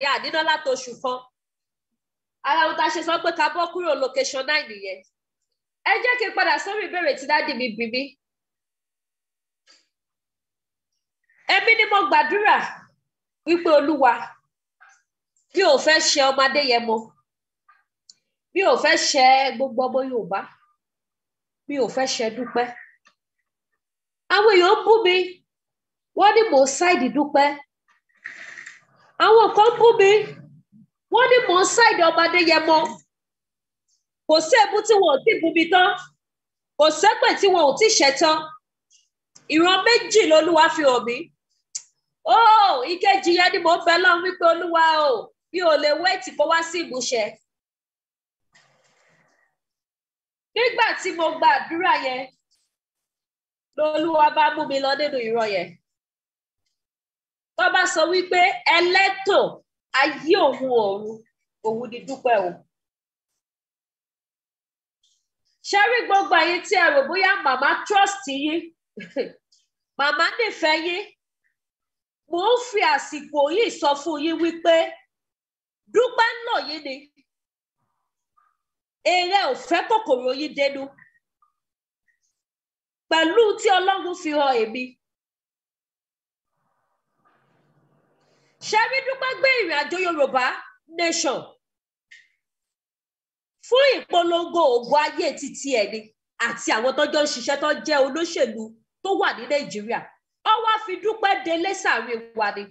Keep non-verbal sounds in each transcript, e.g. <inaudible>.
ìyá àdínọ́lá tó oṣù kan ara ohun tá a ṣe sọ pé ká bọ́ kúrò location nine nìyẹn ẹ jẹ́ kí n padà sórí ìbéèrè tí dáàdì mi bì mí èmi ni mo gbàdúrà wípé olúwa bí ò fẹ́ ṣe ọmọ adéyẹmọ bí ò fẹ́ ṣe gbogbo ọmọ yorùbá bí ò fẹ́ ṣe dúpẹ́ àwọn èèyàn bú mi wọ́n ní mò ṣáìdì dúpẹ́ àwọn kan kú mi wọ́n ní mò ń ṣáìdì ọba adéyẹmọ kò sí èébú tí wọn ò tí bu mi tán kò sẹ́pẹ̀ tí wọn ò tí ṣẹ́ tán ìran méjì lolúwa fi hàn mí ó oh, ìkejì yẹn ni mò ń bẹ lọ́run wípé olúwa o mi ò lè wéètì kó sí ìmúṣẹ nígbà tí mo gba yẹn lolúwa bá mú mi lọ nínú ìran yẹn tó bá sọ wípé ẹlẹ́tò ayé òun ọ̀run òun ni dúpẹ́ o. ṣé rí gbogbo ẹ̀yin tí ẹ rò bóyá màmá trust yín <laughs> màmá nífẹ̀ẹ́ yín mo ń fi àsìkò yìí sọ fún yín wípé dúpẹ́ ń lò yín ni eré ò kòkòrò yín dénú pẹ̀lú tí ọlọ́run fi hàn èmi ṣẹ́rí dúpẹ́ gbé ìrìn àjò yorùbá nation fún ìpolongo ògo ayé títí ẹni àti àwọn tọ́jọ́ ń ṣiṣẹ́ tó jẹ́ olóṣèlú tó wà ní nàìjíríà ó wá fi dúpẹ́ délé sàárín wa ni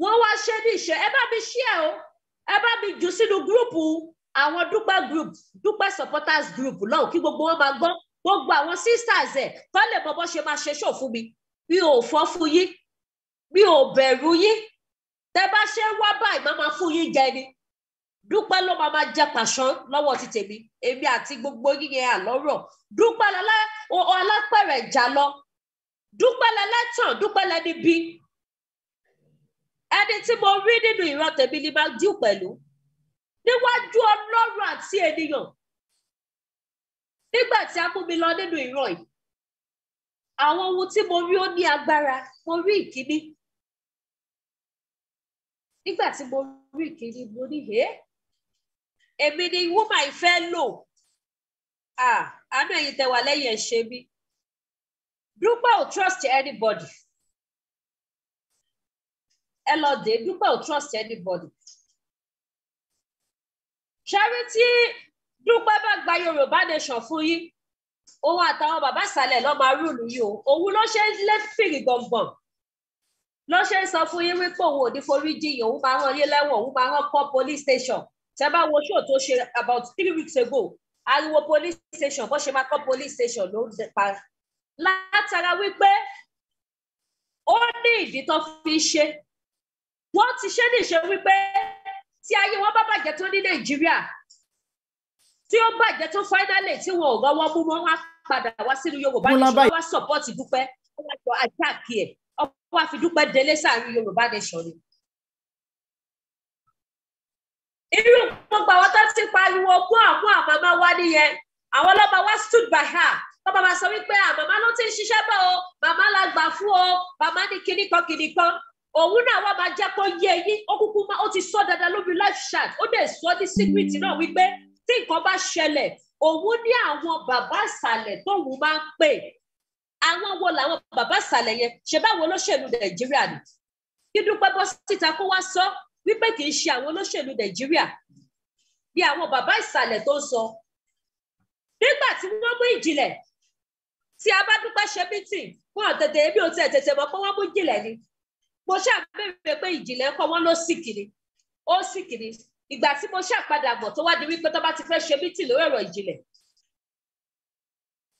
wọ́n wá ṣe ní ìṣe ẹ bá mi ṣí ẹ o ẹ bá mi jù sínú gúrùpù àwọn dúpẹ́ group dúpẹ́ supporters group lọ́hùn kí gbogbo wọn máa gbọ́ gbogbo àwọn sisters ẹ̀ tó lè mọ bó ṣe máa ṣe ṣòfún mi mi ò fọ́ fún yín mi ò bẹ̀rù yín tẹ́ bá ṣe ń wá báyìí máa máa fún yín jẹ ni dúpẹ́ ló máa máa jẹ pàṣán lọ́wọ́ ti tèmi èmi àti gbogbo yíyẹn àlọ́rọ̀ dúpẹ́ alápẹ̀rẹ̀ ìjà lọ dúpẹ́ lẹ́lẹ́tàn dúpẹ́ lẹ́ni bí ẹni tí mo rí nínú ìran tèmi ni máa dì pẹ̀lú níwájú ọlọ́run àti ènìyàn nígbà tí a mú mi lọ nínú ìran yìí àwọn ohun tí mo rí ó ní agbára mo rí ìkíní nígbà tí mo rí ìkíní mo ní hé èmi ni woman ìfẹ́ lò àánú ẹ̀yin tẹwà lẹ́yìn ẹ̀ ṣe mí dúpẹ́ ò trust anybody ẹ lọ dé dúpẹ́ ò trust anybody ṣẹ́rí tí dúpẹ́ bá gba yorùbá nation fún yín òun àtàwọn bàbá ìsàlẹ̀ lọ́ọ́ máa rúùlù yìí o òun ló ṣe ń lé fìrì gbọ̀ngbọ̀n ló ṣe ń sọ fún yín wípé òun ò ní forí jiyàn òun máa rán yín lẹ́wọ̀n òun máa rán kọ́ police station tẹ́ bá wo show tó ṣe about three weeks ago ariwo police station bó ṣe máa kọ́ police station ló ń pa látara wípé ó ní ìdí tó fi ṣe wọ́n ti ṣe níṣe wípé tí ayé wọn bá bàjẹ́ tó ní nàìjíríà tí ó bàjẹ́ tó fáínálì tí wọn ò rọwọ́ mú wọn wá padà wá sínú yorùbá nation wá support dúpẹ́ wọn wá jọ àjáàkì ẹ̀ ọwọ́ àfidúpẹ́ délé sàárì yorùbá nation ni. irú nǹkan gbà wọ́n tó ti pariwo kún àkún àmàmá wá nìyẹn àwọn ọlọ́ba wá stood by her tọ́ba máa sọ wípé àmàmá ló ti ń ṣiṣẹ́ bọ̀ o màmá la gbà fún o màmá ní kinní kan kinní kan òun náà wá máa jẹ́ kó yé yín ó kúkú má ó ti sọ dandan lórí life chat ó dẹ̀ sọ ní secret náà wípé tí nǹkan bá ṣẹlẹ̀ òun ní àwọn bàbá ìsàlẹ̀ tóun máa ń pè àwọn wo làwọn bàbá ìsàlẹ̀ yẹn ṣe báwo olóṣèlú nàìjíríà ni kí dúpẹ́ bọ́ síta kó wá sọ wípé kì í ṣe àwọn olóṣèlú nàìjíríà bí àwọn bàbá ìsàlẹ̀ tó ń sọ nígbà tí wọ́n mú ìjìnlẹ̀ tí a bá dúpẹ́ ṣe mítì wọn tètè èmi ò tiẹ̀ tètè mọ̀ pé wọ́n mú ìjìnlẹ̀ ni mo ṣàbẹ̀rẹ̀ pé ìjìnlẹ̀ kọ́ wọ́n ló sì kiri ó sì kiri ìgbà tí mo ṣàpadà bọ̀ tó wá di wípé tó bá ti fẹ́ ṣe mítì lórí ọ̀rọ̀ ìjìnlẹ̀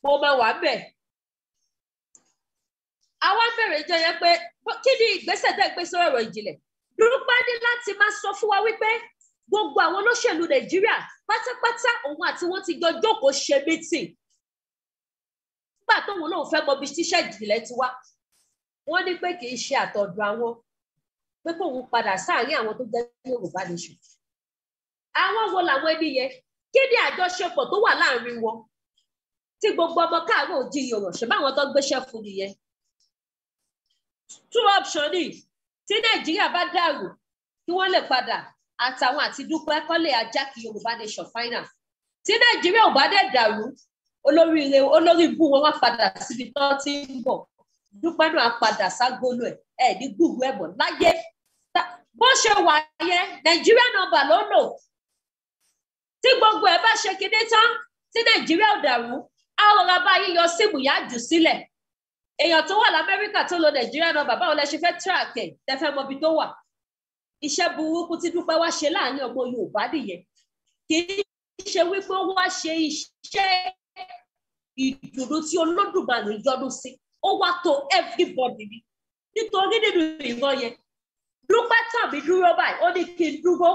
mo máa wà bẹ́ẹ̀ a wá bẹ̀rẹ̀ ìjọ yẹn pé kí ni ìgbésẹ̀ tẹ́ gbé sórí ọ̀rọ̀ ìjìnlẹ̀ dúpẹ́ ní láti máa sọ fún wa wípé gbogbo àwọn olóṣèlú nàìjíríà pátápátá òun àti wọn ti jọ jókòó ṣe mítì nígbà tóun lòun fẹ́ mọ bí tíṣẹ́ ìjìnlẹ̀ ti wá wọ́n ní pé kì í ṣe àtọ̀dọ̀ àwọn pé kóun padà sáàárín àwọn tó jẹ́ yorùbá nation àwọn wo làwọn ẹni yẹn kí ni àjọṣepọ̀ tó wà láàárín wọn tí gbogbo ọmọ káàárọ̀ òjì yorùbá ṣe báwọn tó gbéṣẹ́ fún nìyẹn two options ni tí nàìjíríà bá dàrú kí wọ́n lè padà àtàwọn àti dúpẹ́ kọ́lé ajá kí yorùbá nation final tí nàìjíríà ò bá dẹ̀ dàrú olórí ilé olórí ibú wọn wá padà síbi tó ti ń bọ̀ dúpẹ́ náà padà ságolo ẹ̀ ẹ̀ ní gbùgbù ẹ̀bọ̀ láyé bó ṣe wà yẹn nàìjíríà nọ́mbà ló lò tí gbogbo ẹ̀ bá ṣe kinní tán tí nàìjíríà ò dàrú àwọn ọ̀rọ̀ abáyé yọ síìmù yá jù sílẹ̀ èèyàn tó wà lamẹ́ríkà tó lo nàìjíríà náà bàbá òun lẹ ṣe fẹ́ track ẹ̀ tẹ́fẹ́ mọbi tó wà iṣẹ́ burúkú tí dúpẹ́ wá ṣe láàrin ọmọ yorùbá nìyẹn kì í ṣe wípé ó wá ṣe iṣẹ́ ìdùnnú tí olódùmarè yọ́nú sí ó wá tó everybody ni nítorí nínú ìran yẹn dúpẹ́ tàbí dúró báyìí ó ní kí n dúró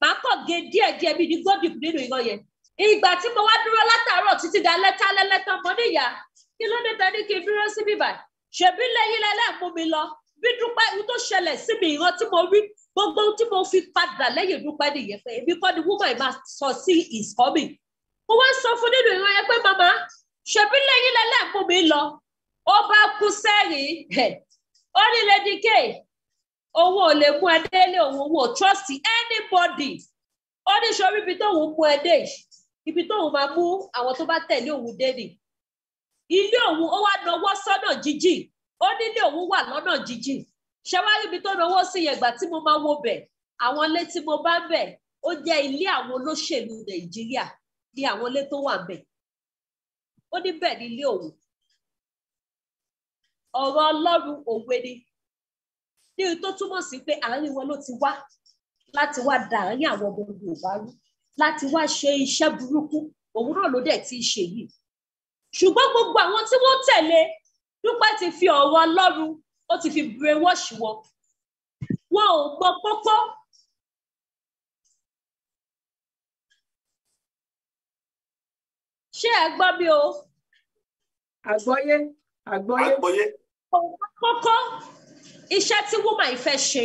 màá kàn gé díẹ̀díẹ̀ mi ní gómìnà nínú ìran yẹn ìgbà tí mo wá dúró látàárọ̀ títí dalẹ́ tálẹ́ lẹ́tàn mọ́ níyà kí ló dé tẹ́lẹ̀ kí n dúró síbí báyìí ṣèbí lẹ́yìn lẹ́lẹ́ mú mi lọ bí dúpẹ́ ohun tó ṣẹlẹ̀ sí mi ìran tí mo rí gbogbo tí mo fi padà lẹ́yìn dúpẹ́ nìyẹn pé èmi kọ́ ni woman yìí sọ sí is coming mo wá sọ fún nínú ìran yẹn pé màmá ṣèbí lẹ́yìn lẹ́lẹ́ mú mi lọ ó bá kú sẹ́yìn <laughs> ó ní lady k owó ò lè mú ẹ délé òun owó trust anybody ó ní sọ ibi tóun mú ẹ dé ibi tóun máa mú àwọn tó bá tẹ̀lé òun dé nìyí ilé òun ó wá nọwọ́ sọ́nà jíjìn ó nílé òun wà lọ́nà jíjìn ṣé wá ríbi tó nọwọ́ sí yẹn ìgbà tí mo máa wo bẹ̀ àwọn ilé tí mo bá ń bẹ̀ ó jẹ́ ilé àwọn olóṣèlú nàìjíríà ní àwọn ilé tó wà bẹ̀ ó ní bẹ́ẹ̀ ni ilé òun ọ̀rọ̀ ọlọ́run òwe ni ní tó túmọ̀ sí pé àárín wọn ló ti wá láti wá da àárín àwọn ọmọ Yorùbá rú láti wá ṣe iṣẹ́ burúkú òun náà ló dẹ̀ ti ṣe ṣùgbọ́n gbogbo àwọn tí wọ́n tẹ̀lé dúpẹ́ ti fi ọ̀rọ̀ ọlọ́run ó ti fi brainwash wọn wọn ò gbọ́ pọ́pọ́. ṣé ẹ gbọ́ mi o. àgbọ́yé àgbọ́yé. àgbọ́yé. kókó iṣẹ́ tí woman ìfẹ́ ṣe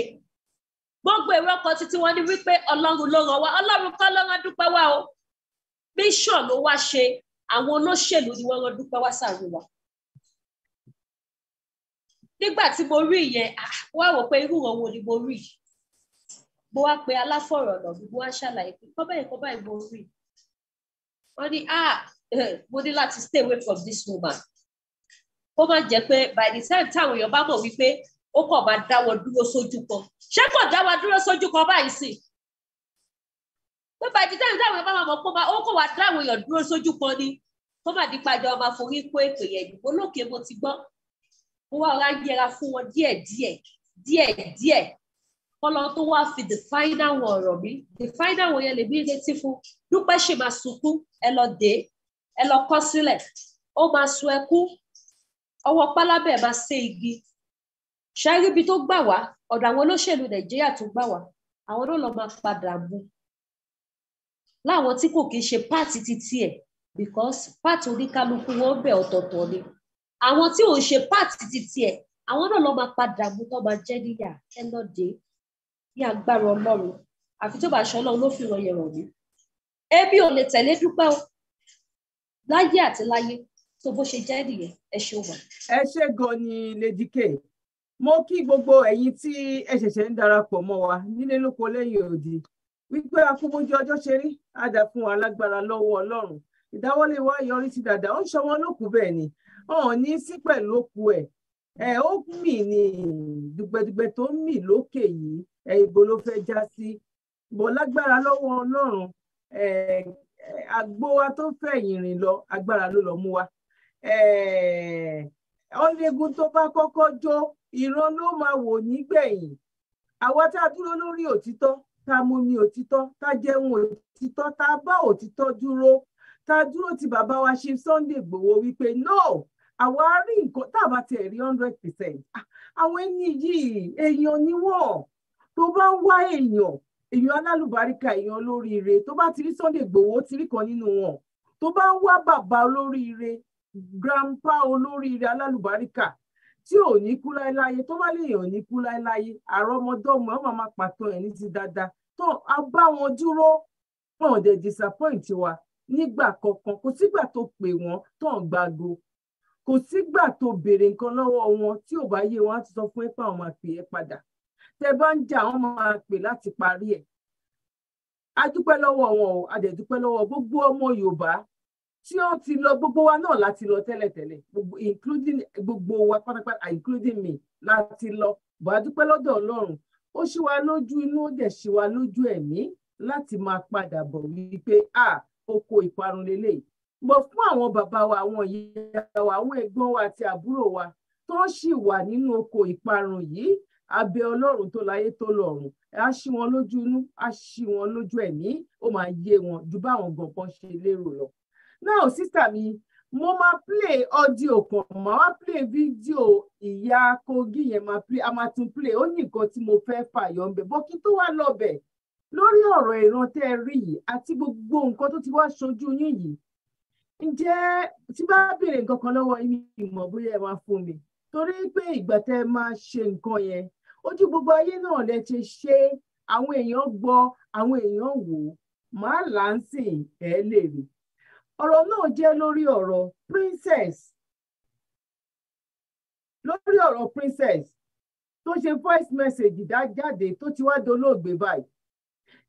gbogbo èrò ọkọ̀ títí wọ́n ní wípé ọlọ́run ló ràn wá ọlọ́run kọ́ ló rán dúpẹ́ wá o mission ló wá ṣe àwọn olóṣèlú ni wọ́n rán Dúpẹ́ wá sàárò wa nígbà tí mo rí ìyẹn ah, wọ́n rò pé irú òun ni mo rí mo wá pe aláfọ̀rọ̀nà mi mo wá ṣàlàyé pé kọ́ báyìí kọ́ báyìí mo rí wọ́n ní ah eh, mo ní láti stay away from this woman kó má jẹ́ pé by the time táwọn èèyàn bá mọ̀ wípé ó kàn máa dáwọ́ dúró sójú kan ṣé kò dáwọ́ dúró sójú kan báyìí sí i pé bàjẹ́ táwọn táwọn bá máa mọ̀ pé ó kọ̀ wá táwọn èèyàn dúró sójú kan ni kó má di pàjọ ọmọ forí kó ètò yẹn dìbò lókè mo ti gbọ́ mo wá ọ̀rá yẹra fún wọn díẹ̀ díẹ̀ díẹ̀ díẹ̀ kọ́lọ́ tó wá fi the final one ọ̀rọ̀ mi the final oh, one yẹn lè bí retí fún dúpẹ́ ṣì máa sunkún ẹ lọ dé ẹ lọ kọ́ sílẹ̀ ó máa sun ẹkún ọwọ́ pálábẹ̀ máa ṣe igi ṣáà ríbi tó gbà wá ọ̀dọ̀ àwọn olóṣèlú nàìjíríà tó gbà wá àwọn náà lọ máa padà mú láwọn tí kò kí ń ṣe páàtì títí ẹ̀ because páàtì oníkálukú wọn bẹ̀ ọ̀tọ̀ọ̀tọ̀ ni àwọn tí ò ń ṣe páàtì títí ẹ̀ àwọn náà lọ́ máa padà mú tó máa jẹ́ níyà ẹ lọ́ọ́ dé ní agbára ọlọ́run àfi tó bá aṣọ ọlọ́run ló fi ràn yẹn mí ẹbí ò lè tẹ̀lé dúpẹ́ o láyé àti láyé tó bó ṣe jẹ́ nìyẹn ẹ ṣe wà. ẹ ṣe gan ni lady k mo kí gbogbo ẹ̀yin tí ẹ ṣẹ̀ṣẹ̀ ń darapọ̀ mọ́ wa nílé lóko lẹ́yìn òdì wípé afúnmójú ọjọ́ ṣe rí àdá fún wa lágbára lọ́wọ́ ọlọ́run ìdáwọ́lé wa yọrí sí dàdá ó ń ṣọwọ́ lókù bẹ́ẹ̀ ni ọ̀hún ní sí pẹ̀lú òkú ẹ̀ ẹ̀ ó mì ní dùgbẹ̀dùgbẹ̀ tó mì lókè yìí ẹ̀ ibo ló fẹ́ já sí bọ̀ lágbára lọ́wọ́ ọlọ́run ẹ̀ àgbo wa tó fẹ́ yìnrìn lọ agbára ló lọ mú wa ọ̀lẹ́gun tó bá kọ́kọ́ jó ìran ló máa wò nígbẹ̀yìn àwa tá a dúró lórí òtítọ́ tá mú mi òtítọ́ tá a jẹun òtítọ́ tá a bá òtítọ́ dúró tá a dúró ti bàbá wa ṣe Sunday Igboho wípé no àwa rí nǹkan tá a bá tiẹ̀ rí hundred percent ah, àwọn ẹni yìí èèyàn ni wọ́n tó bá ń wá èèyàn èèyàn alálùbáríkà èèyàn olóríire tó bá ti rí Sunday Igboho ó ti rí kan nínú wọn tó bá ń wá bàbá olóríire grandpa olóríire alálùbáríkà tí ò ní kú láéláyé tó bá léèyàn ní kú láéláyé àrọmọdọ́mọ ẹ máa pàtó ẹ ní ti dáadáa tó a bá wọn dúró wọn ò dé disappoint wa nígbà kankan kò sígbà tó pè wọn tó ń gbàgbó kò sígbà tó béèrè nǹkan lọ́wọ́ wọn tí ò bá yé wọn á ti sọ fún ẹ pé máa pè é padà tẹ bá ń jà wọn máa pè láti parí ẹ a dúpẹ́ lọ́wọ́ wọn o a dẹ̀ dúpẹ́ lọ́wọ́ gbogbo ọmọ Yorùbá tí ó ti lọ gbogbo wa náà láti lọ tẹ́lẹ̀tẹ́lẹ̀ including gbogbo wa pátápátá including me láti lọ bó a dúpẹ́ lọ́dọ̀ ọlọ́run ó ṣí wa lójú inú ó dẹ̀ ṣí wa lójú ẹ̀mí láti máa padà bọ̀ wípé a oko ìparun lélẹ̀ bọ̀ fún àwọn bàbá wa àwọn ìyá wa àwọn ẹ̀gbọ́n wa àti àbúrò wa tó ṣì wà nínú oko ìparun yìí abẹ ọlọ́run tó láyé tó lọ́run á ṣí wọn lójú inú á ṣí wọn lójú ẹ̀mí ó máa yé wọn ju báwọn gbọ̀ngàn ṣe lérò lọ now sísà mi mo máa play audio kan mo máa play fídíò ìyá kogi yẹn máa play a máa tún play ó ní nǹkan tí mo fẹ́ fàyọ ń bẹ̀ bọ́kí tó wá lọ́bẹ̀ lórí ọ̀rọ̀ ìran tẹ́ ẹ rí yìí àti gbogbo nǹkan tó ti wá ṣojú yín yìí ǹjẹ́ tí bá béèrè nǹkan kan lọ́wọ́ yín ìmọ̀ bóyá ẹ máa fún mi torí pé ìgbà tẹ́ ẹ máa ṣe nǹkan yẹn ojú gbogbo ayé náà lẹ ti ṣe àwọn èèyàn gbọ́ àwọn èèyàn wò ó màá ẹ lè rí ọ̀rọ̀ náà jẹ́ lórí ọ̀rọ̀ princess lórí ọ̀rọ̀ princess tó ṣe voice message dá jáde tó ti wá dolóògbé báyìí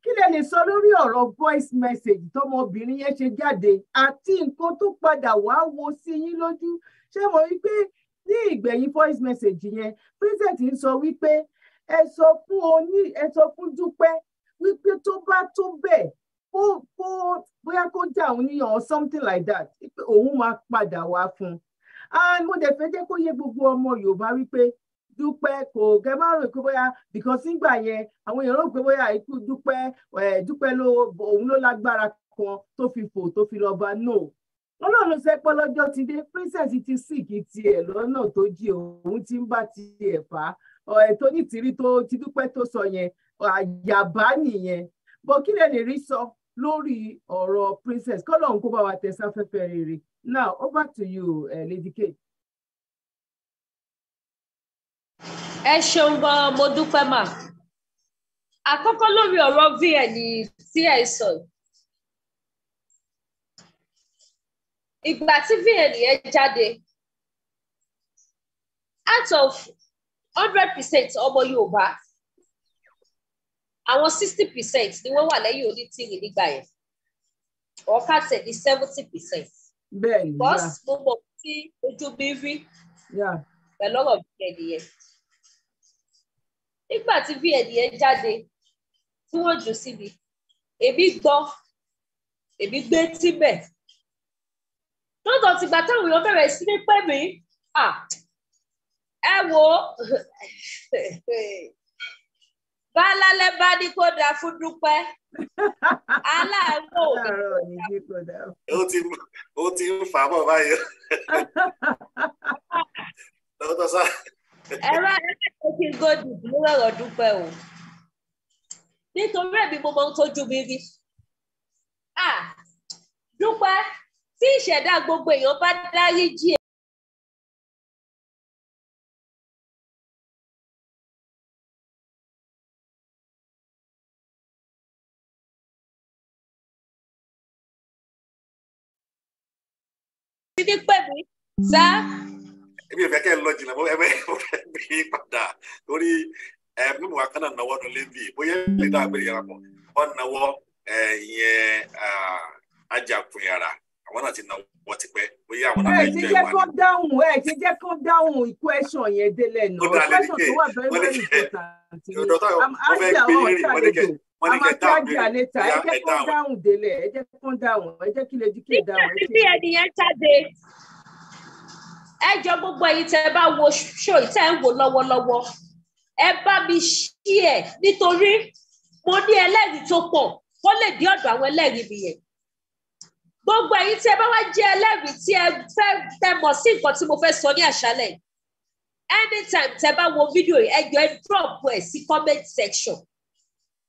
kí lẹ lè sọ lórí ọ̀rọ̀ voice message tọmọbìnrin yẹn ṣe jáde àti nǹkan tó padà wá wo sí yín lójú ṣé mo rí pé ní ìgbẹ̀yìn voice message yẹn princess ń sọ wípé ẹ sọ fún oní ẹ sọ fún Dúpẹ́ wípé tó bá tó bẹ́ẹ̀ kó kó bóyá kó dá òun níyàn or something like that pé òun máa padà wá fún un and mo dẹ̀ fẹ́ jẹ́ kó yé gbogbo ọmọ Yorùbá wípé dúpẹ́ kò kẹ́ má rò pé bóyá because nígbà yẹn àwọn èèyàn rò pé bóyá ikú dúpẹ́ dúpẹ́ ló òun ló lágbára kan tó fi fò tó fi lọ bá no ọlọ́run ló ṣe pé lọ́jọ́ ti dé princess ti sìkì tiẹ̀ lọ́nà tó jí òun ti ń bá tiẹ̀ fà á ẹ̀ tó ní tìrí tó ti dúpẹ́ tó sọ yẹn àyàbá nìyẹn bọ kí lè lè rí sọ lórí ọ̀rọ̀ princess kọ́lọ́hún kó bá wa tẹ sáfẹ́fẹ́ rere now over to you uh, Lady K. ẹ ṣeun gan mo dúpẹ́ mà àkọ́kọ́ lórí ọ̀rọ̀ vn tí ẹ sọ ìgbà tí vn yẹn jáde out of hundred percent ọmọ Yorùbá àwọn sixty percent ni wọ́n wà lẹ́yìn onítìrì nígbà yẹn ọ̀ọ́ká tẹ̀ ní seventy percent. bẹ́ẹ̀ni yá bọ́s mo mọ̀ tí ojú mi rí pẹ̀lú ọ̀rọ̀ vn yẹn nígbà tí vn yẹn jáde tí wọ́n jù síbi èmi gbọ́ èmi gbé tíbẹ̀ lọ́dọ̀ tìgbà táwọn èèyàn bẹ̀rẹ̀ sí ní pẹ́ mi ẹ wo <laughs> bálálẹ́ bá ní kó dáa fún dúpẹ́ aláàárọ̀ òní kó dáa. ó ti ń fà á bọ̀ báyìí. lọ́tọ̀ <laughs> sá. ẹ̀rọ ẹ̀rọ kí n gòdì lórí ọ̀rọ̀ dúpẹ́ o nítorí ẹ̀mí mo máa ń tọ́jú mi rí. dúpẹ́ tí ìṣẹ̀dá gbogbo èèyàn bá dárí jì títí pè mí sá. èmi ò fẹ́ kẹ́ ẹ lọ jìnnà mo fẹ́ fẹ́ gbé e padà torí mímu akánà náwó ọdún lẹ́bí bóyá lè dá agbèrè yàrá pọ̀ wọ́n náwó ìyẹn ajakunyara àwọn náà ti náwó tipẹ́ bóyá àwọn náà ti jẹ́ kó ẹ ti jẹ́ kó dáhùn question yẹn délẹ̀ náà question tó wà very very important. ọ̀dọ̀ táwọn ọ̀fẹ́ gbé rìn wọlé wọ́n ní kẹ́ dáhùn bẹ́ẹ̀. a máa jáde àleta ẹ jẹ́ kó dáhùn délẹ̀ ẹ jẹ́ kó dáhùn ẹ jẹ́ kí lè di kí lè dáhùn. títí tí ẹnìyẹn jáde ẹ jọ gbogbo ẹ̀yin tẹ bá wo ṣó tẹ ń wò lọ́wọ́lọ́wọ́ ẹ bá mi ṣí ẹ nítorí mo ní ẹlẹ́rìí tó pọ̀ kó lè dé ọ̀dọ̀ àwọn ẹlẹ́rìí mi yẹn gbogbo ẹ̀yin tí ẹ bá wá jẹ ẹlẹ́rìí tí ẹ fẹ́ tẹ mọ̀ sí nǹkan tí mo fẹ́ sọ ní àṣálẹ́ anytime tẹ bá wo fídíò yìí ẹ jọ ẹ drop ẹ sí comment section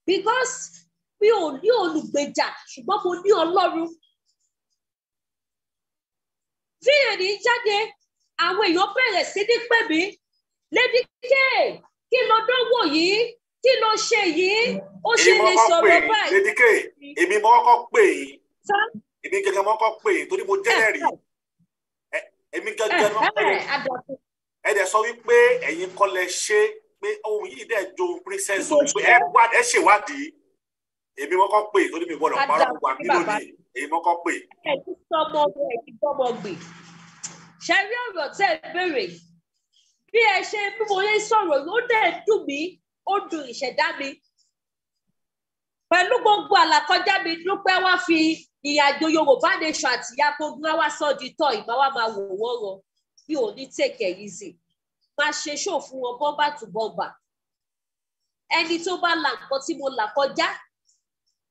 because mi ò ní olùgbèjà ṣùgbọ́n mo ní ọlọ́run fíyàn ní jáde àwọn èèyàn bẹ̀rẹ̀ sí ní pè mí lady k kí ló dánwò yìí kí ló ṣe yìí ó ṣe lè sọ̀rọ̀ báyìí. lady k èmi mo kọ́kọ́ pè yín èmi gẹ́gẹ́ mo kọ́kọ́ pè yín torí mo jẹ́rìí èmi gẹ́gẹ́ mo kọ́kọ́ pè yín ẹ dẹ̀ sọ wípé ẹ̀yin kọ́ lẹ ṣe é pé ohun yìí dẹ̀ jo princess pé ẹ wá ẹ ṣèwádìí èmi wọn kọ́ pé torí mi gbọ́dọ̀ parọ́ gbogbo àmì lónìí èmi wọn kọ́ pé. ẹ ti sọmọ ẹ ti sọmọ gbè ṣe rí ọ̀rọ̀ tẹ́ ẹ béèrè bí ẹ ṣe bí mo lè sọ̀rọ̀ ló dẹ̀ dùn mí ó dùn ìṣẹ̀dá mi pẹ̀lú gbogbo àlàkọjá mi dúpẹ́ wá fi ìyàjò yorùbá nation àtìyá gbogbo wa sọ di tọ́ ìbáwá máa wò wọ́n rọ bí ò ní tèkẹ̀ yìí sí i máa ṣe ṣó fún wọn bọ́bà tù bọ́bà ẹni tó bá la nǹkan tí mo là kọjá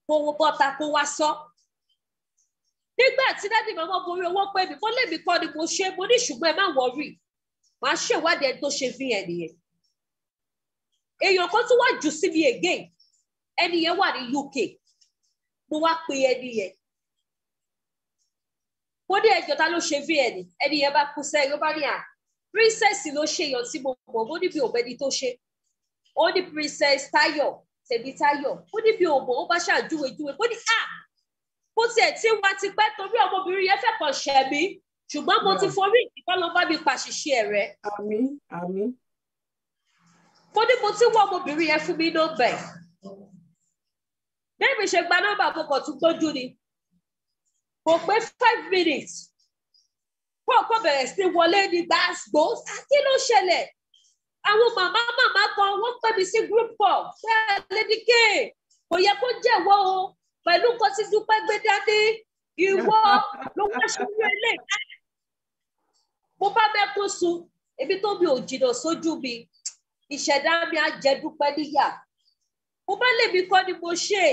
kó wo bọ́ta kó wá sọ nígbà tí dádì màmá borí owó pé mi kó lèmi kọ́ ni mo ṣe mo ní ṣùgbọ́n ẹ má wọrí màá ṣèwádìí ẹni tó ṣe fi hàn nìyẹn èèyàn kan tún wá jù sí mi again ẹni yẹn wà ní UK mo wá pe ẹni yẹn mo ní ẹjọ́ ta ló ṣe fi hàn ní ẹni yẹn bá kú sẹ́yìn ó bá ní à princess ló ṣe yọ tí mo mọ̀ ó níbi òbẹ́ni tó ṣe ó ní princess tayo tẹ̀mí tayo. ó níbi òmò ó bá ṣàjúwe júwe ó ní à bó tiẹ̀ tí wá ti pẹ́ torí ọmọbìnrin yẹn fẹ́ kàn ṣẹ̀ mí ṣùgbọ́n mo ti forí ìdíkọ́ ló bá mi pàṣìṣe rẹ̀. àmín àmín. mo ní mo ti wọ ọmọbìnrin yẹn fún mi nọ́mbà ẹ̀ bẹ́ẹ̀ mi ṣe gba nọ́mbà mo kàn gbójú ni mo pé five minutes kọ́ kọ́ bẹ̀rẹ̀ sí wọlé ní gbàgbó kí ló ṣẹlẹ̀ àwọn màmá màmá kan wọ́n pè mí sí group call bẹ́ẹ̀ lady k kò yẹ kó jẹ̀wọ́ o pẹ̀lú nǹkan tí dúpẹ́ gbé dání ìwọ ló wá ṣubú ilé mo bá mẹ́kọ́ sun ebi tó mi ò jìnnà sójú mi ìṣẹ̀dá mi á jẹ dúpẹ́ níyà mo bá lèmi kọ́ ni mo ṣe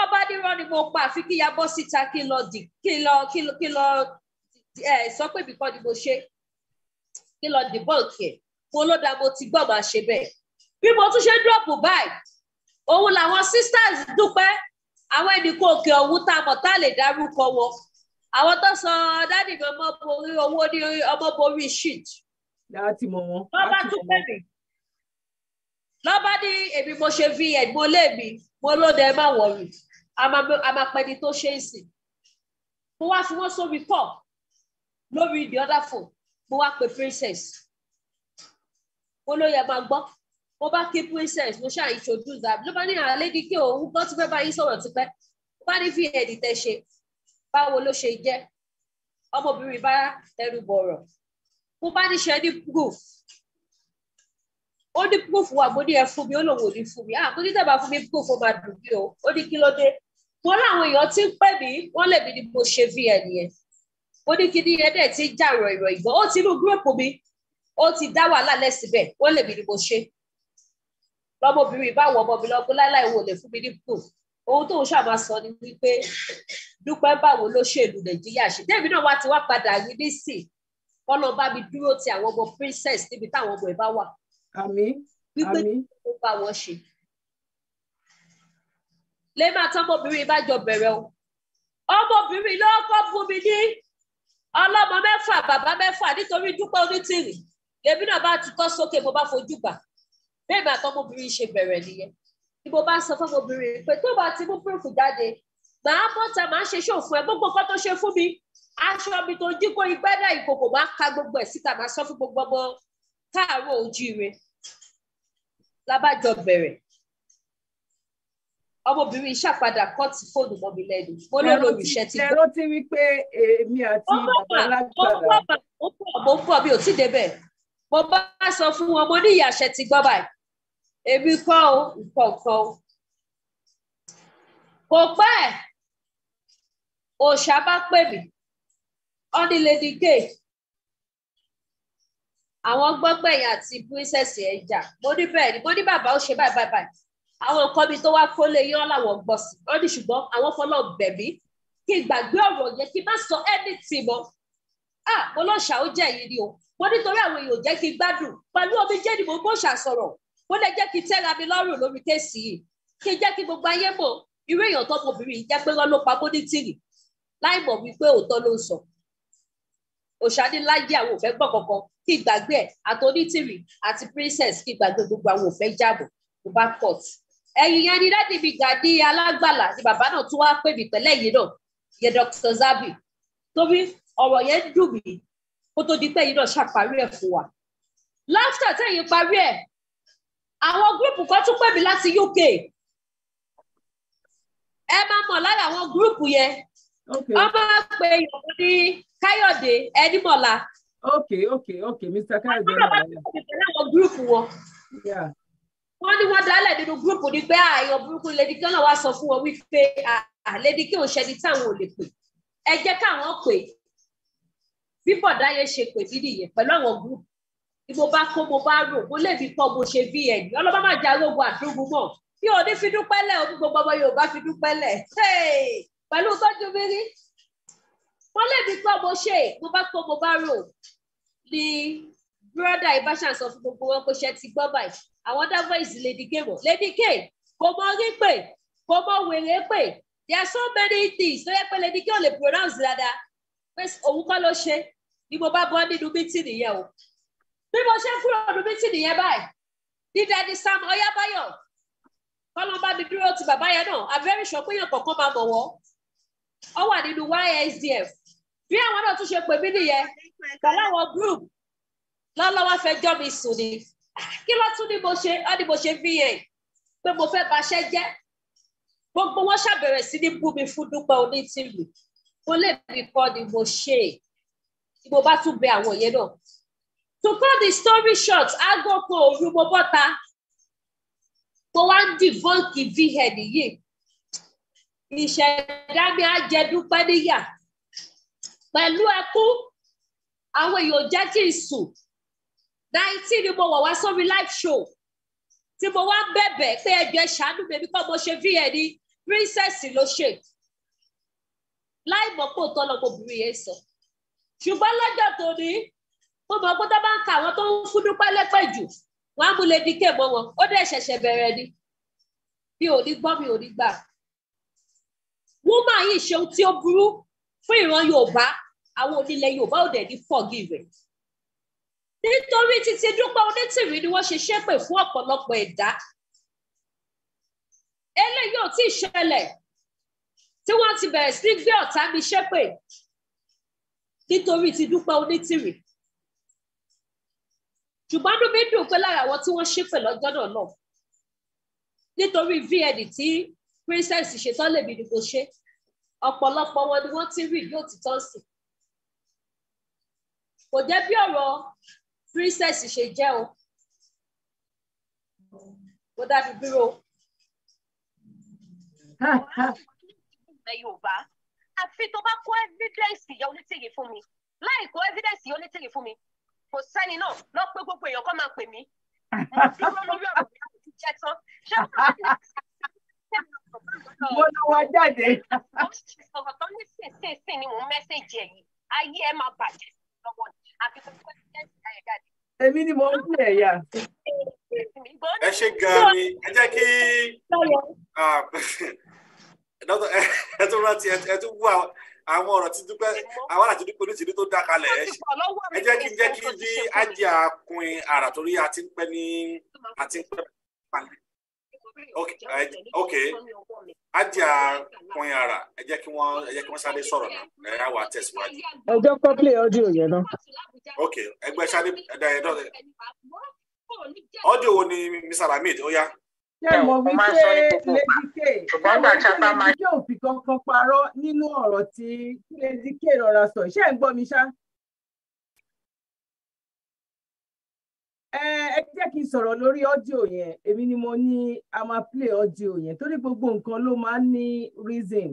ọba nírọ́ ni mo pa àfi kíyà bọ́ síta kí n lọ ẹ sọ pé bìkọ́ ni mo ṣe kí lọ dìbọ́ǹkì ẹ̀ mo ló dáa mo ti gbọ́ máa ṣe bẹ́ẹ̀ bí mo tún ṣe dúrọ̀pù báyìí òun làwọn sisters dúpẹ́ àwọn ẹnìkan òkè ọ̀hún tá a mọ̀ tá a lè dárúkọ wọn àwọn tó sọ dádì mi ọmọ borí owó ní ọmọ borí shit. láti mọ wọn. lọ́ba tún pè mí lọ́ba ní èmi mo ṣe vn mo lé mi mo ló dẹ má wọ̀rì àmàpẹ́ni tó ṣe é sìn mo wá fi wọ́n sórí pọ̀ lórí the other phone mo wá pe princess mo ló yẹ máa gbọ́ mo bá kí princess mo ṣáà introduce am ló bá ní àwọn ah, lady kí òun gbọ́ tí fẹ́ bá yín sọ̀rọ̀ tipẹ́ mo bá ní fi ẹ̀dì tẹ̀ ṣe báwo ló ṣe jẹ́ ọmọbìnrin bá ẹrù bọ̀rọ̀ mo bá ní ṣe ní proof ó ní proof wà mo ní ẹ fún mi ó lòun ò ní fún mi àkókò ah, tí bá fún mi proof ó máa dùn mí o ó ní kí ló dé mo láwọn èèyàn tí ń pè mí wọ́n lè mí ni mo ṣe vn yẹn e ó ní kíní yẹn dẹ̀ ti jà rọ̀ìrọ̀ ìgbọ́n ó ti inú gúrúùpù mi ó ti dá wàhálà lẹ́sìbẹ̀ ó lè mí ni mo ṣe lọ́mọbìnrin báwo ọmọ mi lọ́gbọ́n láláì wo lè fún mi ní gùn ohun tóun ṣàmà sọ ni wípé dúpẹ́ báwo lóṣèlú nàìjíríà ṣe débi náà wá ti wá padà rí nísìn kọ́nà bá mi dúró ti àwọn ọmọ princess níbi táwọn ọmọ ẹ̀ bá wà. wípé ó bá wọn ṣe. lè máa tán bá jọ bẹ̀rẹ̀ o ọmọbìnrin lọ́kọ́ fún ní ọlọ́mọ mẹ́fà bàbá mẹ́fà nítorí dúpẹ́ onítìrì lèmi náà bá tukọ́ sókè mo bá fojú bà bẹ́ẹ̀ bá tọ́mọbìnrin ṣe bẹ̀rẹ̀ nìyẹn ni mo bá sọ fọ́mọbìnrin pé tó bá ti mú púrúfù jáde màá bọ́ta màá ṣe ṣó fún ẹ gbogbo nǹkan tó ṣe fún mi aṣọ mi tó jí kó igbádà ìkòkò máa ka gbogbo ẹ̀ síta màá sọ fún gbogbo ọmọ káàárọ̀ ojíire lábàjọ bẹ̀rẹ̀ ọmọbìnrin ìṣàpadà kọ́ ti fóònù mọ́mi lẹ́nu mo ló lo olùṣẹ́ ti gbọ́. ẹ̀rọ ti rí pé èmi àti bàbá lágbára. ó pọ̀ mo pọ̀ mi ò tí débẹ̀ mo bá sọ fún wọn mo ní ìyàṣẹ ti gbọ́ báyìí èmi kọ́ o nǹkan kan o. kò pẹ́ òòṣà bá pè mí ọ́nì lady gay àwọn gbọ́gbẹ̀yìn àti princess ẹ̀ jà mo ní bẹ́ẹ̀ ni mo ní bàbá ó ṣe báyìí báyìí báyìí àwọn nǹkan bíi tó wá kó lé irọ́ làwọn gbọ́ sí ó ní ṣùgbọ́n àwọn fọlọ́ bẹ̀bí kí gbàgbé ọ̀rọ̀ yẹn kí má sọ anything mọ́ ah mo lọ ṣà ó jẹ́ ni o mo nítorí àwọn èèyàn ò kí gbádùn pẹ̀lú omi jẹ́ ni mo bó ṣàsọ̀rọ̀ mo lè jẹ́ kí n mi lọ́rùn lórí kéèsì yìí kí n kí gbogbo ayé mọ̀ irú èèyàn tó mọ̀bìnrin yìí pé rán ló pa bó ní tìrì láì mọ̀ wípé òótọ́ ló ń sọ òṣàdé láyé àwọn òfẹ́ gbọ́ kankan kí gbàgbé àtọ́nítìrì àti princess kí gbàgbé gbogbo àwọn òfẹ́ jáàbò mo court ẹ̀yìn yẹn ni dáàdì mi Gani Alágbàlà ni bàbá náà tún wá pè mí pẹ̀lẹ́ yìí náà yẹn Dr. Zabby torí ọ̀rọ̀ yẹn ń dùn mí kó tó di pé yìí náà ṣàparí ẹ̀ fún wa láfíà tẹ̀yìn parí ẹ̀ àwọn gúrùpù kan tún pè mí láti UK ẹ máa mọ̀ lára àwọn gúrùpù yẹn wọ́n máa pe ìyọ̀kú ní Káyọ̀dé Ẹnímọ̀lá. ok ok ok Mr. Káyọ̀dé Ẹnímọ̀lá. wọ́n máa pe ìyọ̀kú ní àwọn gúrùpù wọn wọ́n ní wọ́n dálẹ̀ nínú gúrúùpù ni pé àyàn ah, burúkú lady kí náà wá sọ fún wọn wípé ah, lady kí òun ṣẹni táwọn ò lè pè ẹ jẹ́ káwọn pè bí bọ̀dá yẹn ṣe pè mí nìyẹn pẹ̀lú àwọn gúrúùpù ni mo bá kó mo bá rò mo lè fi kọ́ mo ṣe bí ẹ̀yìn ọlọ́ba máa jẹ arógun àdúgbò mọ̀ bí o ní fi dúpẹ́lẹ̀ o ní gbogbo ọmọ Yorùbá fi dúpẹ́lẹ̀ pẹ̀lú tọ́jú mi rí mo lè fi kọ́ mo ṣe mo bá kó mo bá rò ni bírọ́dà ibà ṣàǹsọ fún gbogbo wọn kó ṣe ti gbọ́ báyìí àwọn dábọ̀ ìsì lady k wọ̀ lady k kò mọ orí pè kò mọ wèrè pè there are so many things tó yẹ pé lady k ò lè pronounce dáadáa pé òun kọ́ ló ṣe ni mo bá bọ́ nínú mítìnì yẹn o bí mo ṣe kúrò nínú mítìnì yẹn báyìí ní dadi sam ọyábáyọ kọ́lọ́ bá mi dúró ti bàbá yẹn náà abẹ́rẹ́ ìṣọ̀péyàn kọ̀ọ̀kan máa mọ̀ wọ́ ọ wà nínú ysdf bí àwọn náà tún ṣe pè mí nìyẹn pẹ̀lú àwọn group lọ́lọ́wọ́ fẹ́ jọ́ mi sùn ni kí ló tún ní mo ṣe á ní mo ṣe va e. pé mo fẹ́ baṣẹ́ jẹ́ gbogbo wọn ṣàbẹ̀rẹ̀ sí ní bú mi fún dúpẹ́ onítìlù mo lè bí kọ́ ni mo ṣe tí mo bá tún bẹ àwọn yẹn náà to cut the story short aago kan òru mo bọ́ta mo wá ń dì vọ́ǹkì va nìyí ìṣẹ̀dá mi á jẹ dúpẹ́ níyà pẹ̀lú ẹkún àwọn èèyàn jẹ́ kí n sùn náìtì ni mo wọ̀ wá sórí live show tí mo wá bẹ̀bẹ̀ pé ẹgbẹ́ ṣàánú mi bí kò mo ṣe fi ní e, princess ló ṣe láì mọ̀ pé òótọ́ lọ́mọ obìnrin yẹn sọ ṣùgbọ́n lọ́jọ́ tó ní mo mọ̀ pé tó bá ń ka àwọn tó ń fún dúpẹ́ lẹ́pẹ́ jù wọ́n á mú lè di kéèmọ́ wọn ó dẹ̀ ṣẹ̀ṣẹ̀ bẹ̀rẹ̀ ni mi ò ní gbọ́ mi ò ní gbà wúmà yìí ṣe ohun tí ó burú fún ìran Yorùbá àwọn onílẹ̀ Yorùbá ò dẹ̀ ní forgive nítorí títí Dúpẹ́ Onítìrí ni wọ́n ṣe ṣépè fún ọ̀pọ̀lọpọ̀ ẹ̀dá eléyìí ò tí ì ṣẹlẹ̀ tí wọ́n ti bẹ̀rẹ̀ sí gbé ọ̀tá mi ṣépè nítorí ti Dúpẹ́ Onítìrí ṣùgbọ́n inú mi dùn pé lára àwọn tí wọ́n ṣépè lọ́jọ́ náà náà nítorí vn tí princess ṣetán lèmi ni mo ṣe ọ̀pọ̀lọpọ̀ wọn ni wọ́n ti rí yóò ti tán sí kò jẹ́ bí ọ̀rọ̀ princess ṣe jẹ́ o ó dàbí bírò. yorùbá àfi tó bá kó evidence ìyá onítìrì fún mi láì kó evidence ìyá onítìrì fún mi kò sẹ́ni náà lọ pé gbogbo èèyàn kan máa pè mí mo dúró lórí ọ̀rọ̀ mi àti jẹ tán ṣé mo mo lọ wá jáde. mo ṣe sọ̀rọ̀ tán ní sínsìnyí ni mo mẹ́sẹ̀jì ẹ̀yìn ayé ẹ máa bàjẹ́ lọ́wọ́ ni akẹ́kọ̀ọ́ èmi ni mo ń pè é yà. ẹ ṣe gan-an ni ẹ jẹ́ kí ah, <laughs> ẹ tún rántí ẹ tún wú àwọn ọ̀rọ̀ tí dúpẹ́ àwọn àti dúpẹ́ onítìrí tó dá kalẹ̀ ẹ jẹ́ kí n jẹ́ kí bí ájì àkùn àrà torí a ń pẹ́ ní a ń pẹ́ pàlẹ́ okay okay ajá pọnyin ara ẹ jẹ́ kí wọ́n ẹ jẹ́ kí wọ́n sáré sọ̀rọ̀ náà ẹ á wà tẹ̀síwájú. ẹjọ́ kọ́pìlì ọdíò yẹn náà. ok ẹgbẹ́ sáré ẹ̀dá ẹ̀dọ́ ọdíò wo ni Mr. Hamid ó yá. ṣé mo wí pé lady k ṣé òfin kankan parọ́ nínú ọ̀rọ̀ tí lady k rọra sọ ṣé ń gbọ́ mi ṣá. ẹ jẹ́ kí n sọ̀rọ̀ lórí ọ́díò yẹn èmi ni mo ní a máa play ọ́díò yẹn torí gbogbo nǹkan ló máa ń ní reason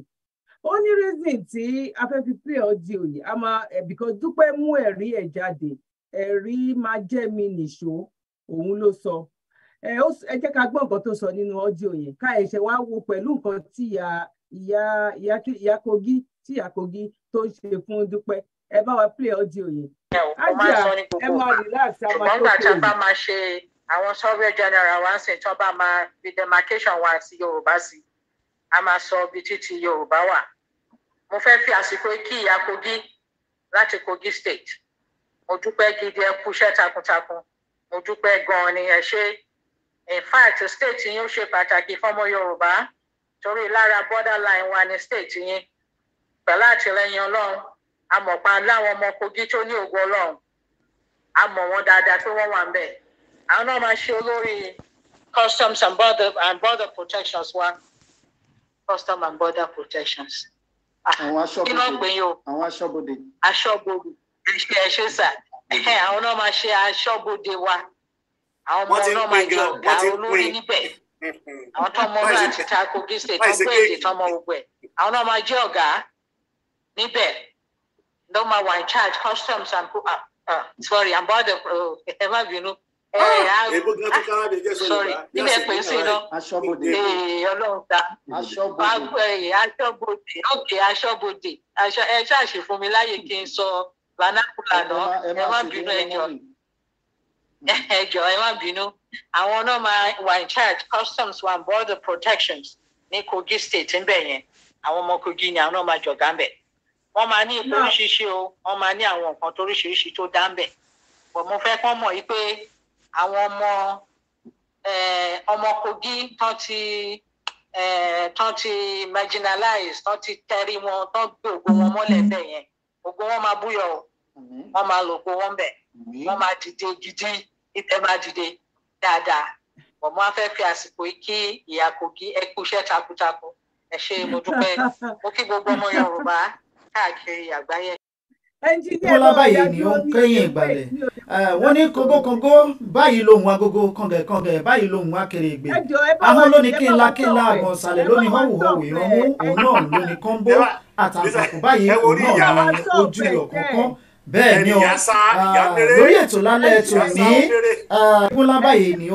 ó ní reason tí a fẹ́ fi play ọ́díò yìí a máa eh, because Dúpẹ́ mú ẹ̀rí ẹ̀ jáde ẹ̀rí máa jẹ́ mi nìṣó òun ló sọ ẹ jẹ́ ká gbọ́ nǹkan tó sọ nínú ọ́díò yẹn ká ẹ̀ṣẹ̀ wá wo pẹ̀lú nǹkan tí ìyá Kogi ẹ wa play audio yẹn. ájà ẹ máa a máa tó kúrò. ṣùgbọ́n gbàtà bá máa ṣe àwọn surveyor general wa ń sìn tó bá máa fi demarcation wa sí yorùbá sí a máa sọ ibi títí yorùbá wà mo fẹ́ fi àsìkò kí ìyá kogi láti kogi state mo dúpẹ́ gidi ẹ kúṣẹ́ takuntakun mo dúpẹ́ gan-an ni ẹ ṣe in fact state yín ó ṣe pàtàkì fọ́mọ yorùbá torí lára borderline wa ni state yín pẹ̀lú àtìlẹ́yìn ọlọ́run amọ̀pá láwọn ọmọ Kogi tó ní ògo Ọlọ́run amọ̀ wọn dáadáa tó wọ́n wà ń bẹ̀ àwọn náà máa ṣe olórí customs and border and border protections wa customs and border protections. àwọn aṣọ́bodè àwọn aṣọ́bodè. aṣọ́bodè ẹṣẹ ẹṣẹ sà àwọn náà máa ṣe aṣọ́bodè wa àwọn ọmọ náà máa jọ ọ̀gá olórí níbẹ̀ mm-hmm. àwọn tó mọ náà ta Kogi state tó gbé èdè tó mọ gbogbo ẹ̀ àwọn náà máa jẹ́ ọ̀gá níbẹ̀ don't mind why charge customs and put up. Uh, uh, sorry, I'm about the ever you know. Sorry, nílẹ̀ pé sí lọ. Aṣọ́bodè. Eh, Ọlọ́run ta. Aṣọ́bodè. Eh, aṣọ́bodè. Ok, aṣọ́bodè. Aṣọ ẹ ṣáàṣì fún mi láyè kí n sọ vanakula náà. Ẹ má bínú ẹjọ́. <laughs> Ẹjọ́ ẹ má bínú. Àwọn náà máa wà in charge customs and border protections ní Kogi state ń bẹ̀ yẹn. Àwọn ọmọ Kogi ni àwọn náà máa jọ̀gá ń bẹ̀ wọ́n máa ní ipò oríṣiríṣi o wọ́n máa ní àwọn nǹkan tó oríṣiríṣi tó dá ń bẹ̀ bọ̀ mo fẹ́ kán mọ̀ yìí pé àwọn ọmọ ọmọ Kogi tán ti tán ti marginalize tán ti tẹrí wọn tán gbé ògo wọn mọ́lẹ̀ bẹ́ẹ̀ yẹn ògo wọn máa búyọ o wọ́n máa lò ògo wọn bẹ̀ wọ́n máa dìde gidi ìtẹ́ máa dìde dáadáa bọ̀ mo á fẹ́ fi àsìkò yìí kí ìyá Kogi ẹ kú iṣẹ́ takuntakun ẹ ṣe mo dúpẹ́ mo kí gbogbo ọmọ Yorùbá káàkiri àgbáyé. bọ́lá báyìí ni ó ń kẹ́yìn ìgbàlẹ̀ wọ́n ní kógókógó báyìí lòun agogo kọ̀ǹgẹ̀kọ̀ǹgẹ̀ báyìí lòun akèrègbè àwọn lóní kínla kínla àgbọ̀n sàlẹ̀ lónìí họ́wùhọ́wù ìrànwọ́ òun náà lóní kọ́ńbó àtàkùn báyìí òun náà ní ojú ọ̀kọ̀ọ̀kan bẹ́ẹ̀ ni o lórí ètò lálẹ́ ètò ní bọ́lá báyìí ni